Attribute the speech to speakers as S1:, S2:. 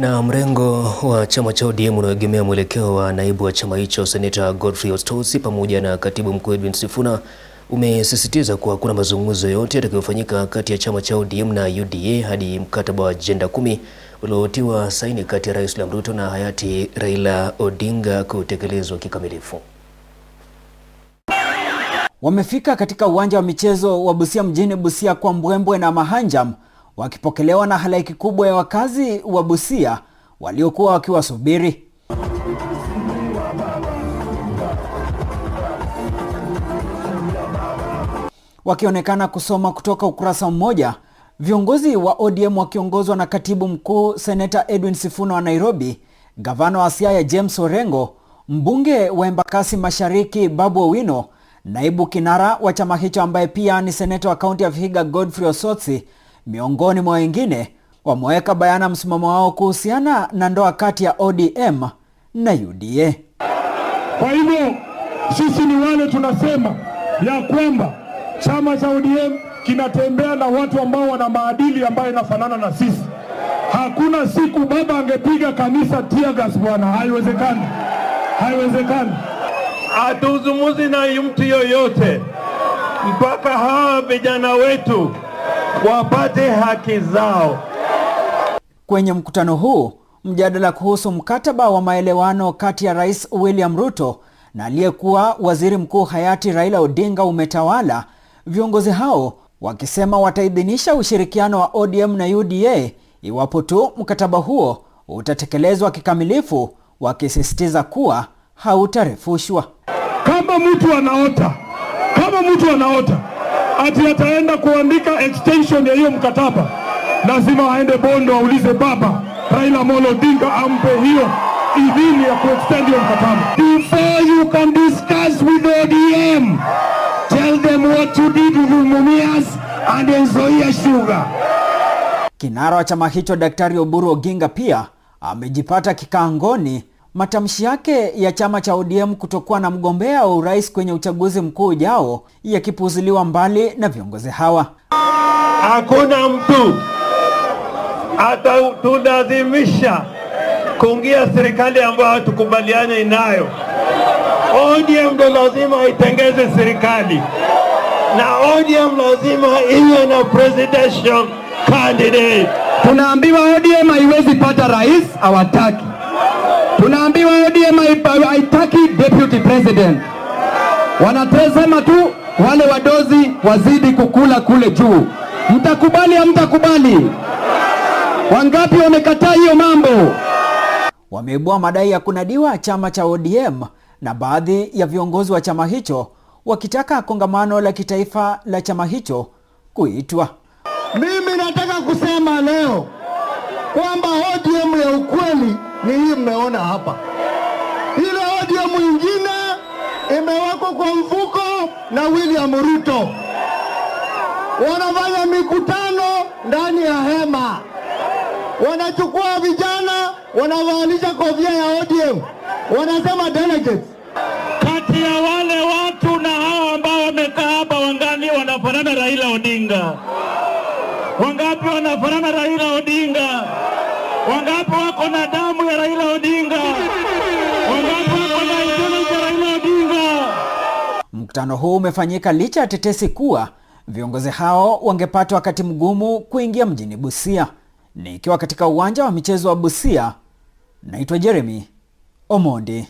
S1: Na mrengo wa chama cha ODM unaoegemea mwelekeo wa naibu wa chama hicho Seneta Godfrey Ostosi pamoja na katibu mkuu Edwin Sifuna umesisitiza kuwa hakuna mazungumzo yoyote yatakayofanyika kati ya chama cha ODM na UDA hadi mkataba wa ajenda kumi uliotiwa saini kati ya Rais William Ruto na hayati Raila Odinga kutekelezwa kikamilifu.
S2: Wamefika katika uwanja wa michezo wa Busia mjini Busia kwa mbwembwe na mahanjam wakipokelewa na halaiki kubwa ya wakazi wa Busia waliokuwa wakiwasubiri. Wakionekana kusoma kutoka ukurasa mmoja, viongozi wa ODM wakiongozwa na katibu mkuu Seneta Edwin Sifuna wa Nairobi, gavana wa Siaya James Orengo, mbunge wa Embakasi Mashariki Babu Owino, naibu kinara wa chama hicho ambaye pia ni seneta wa kaunti ya Vihiga Godfrey Osotsi miongoni mwa wengine, wameweka bayana msimamo wao kuhusiana na ndoa kati ya ODM na UDA.
S3: Kwa hivyo sisi ni wale tunasema ya kwamba chama cha ODM kinatembea na watu ambao wana maadili ambayo inafanana na sisi. Hakuna siku baba angepiga kanisa tiagas, bwana, haiwezekani, haiwezekani.
S4: Hatuzumuzi na mtu yoyote mpaka hawa vijana wetu wapate haki zao.
S2: Kwenye mkutano huu mjadala kuhusu mkataba wa maelewano kati ya Rais William Ruto na aliyekuwa Waziri Mkuu hayati Raila Odinga umetawala, viongozi hao wakisema wataidhinisha ushirikiano wa ODM na UDA iwapo tu mkataba huo utatekelezwa kikamilifu, wakisisitiza kuwa hautarefushwa.
S3: Kama mtu anaota, kama mtu anaota ati ataenda kuandika extension ya hiyo mkataba, lazima aende Bondo aulize baba Raila Molo Odinga ampe hiyo idhini ya kuextend hiyo mkataba. Before you can discuss with ODM, tell them what you did with Mumias and Nzoia Sugar.
S2: Kinara wa chama hicho Daktari Oburu Oginga pia amejipata kikangoni Matamshi yake ya chama cha ODM kutokuwa na mgombea wa urais kwenye uchaguzi mkuu ujao yakipuuziliwa mbali na viongozi hawa.
S4: Hakuna mtu atatulazimisha kuingia serikali ambayo hatukubaliane nayo. ODM ndo lazima itengeze serikali na ODM lazima iwe na presidential candidate.
S5: Tunaambiwa ODM haiwezi pata rais, hawataki Tunaambiwa ODM haitaki deputy president, wanatesema tu wale wadozi wazidi kukula kule juu. Mtakubali hamtakubali? Wangapi wamekataa hiyo mambo?
S2: Wameibua madai ya kunadiwa chama cha ODM na baadhi ya viongozi wa chama hicho wakitaka kongamano la kitaifa la chama hicho kuitwa.
S6: Mimi nataka kusema leo ni hii mmeona hapa. Ile ODM mwingine imewekwa kwa mfuko na William Ruto, wanafanya mikutano ndani ya hema, wanachukua vijana wanavalisha kofia ya ODM, wanasema delegates.
S7: Kati ya wale watu na hao ambao wamekaa hapa wangani wanafanana Raila Odinga.
S2: Mkutano huu umefanyika licha ya tetesi kuwa viongozi hao wangepata wakati mgumu kuingia mjini Busia. Nikiwa katika uwanja wa michezo wa Busia, naitwa Jeremy Omondi.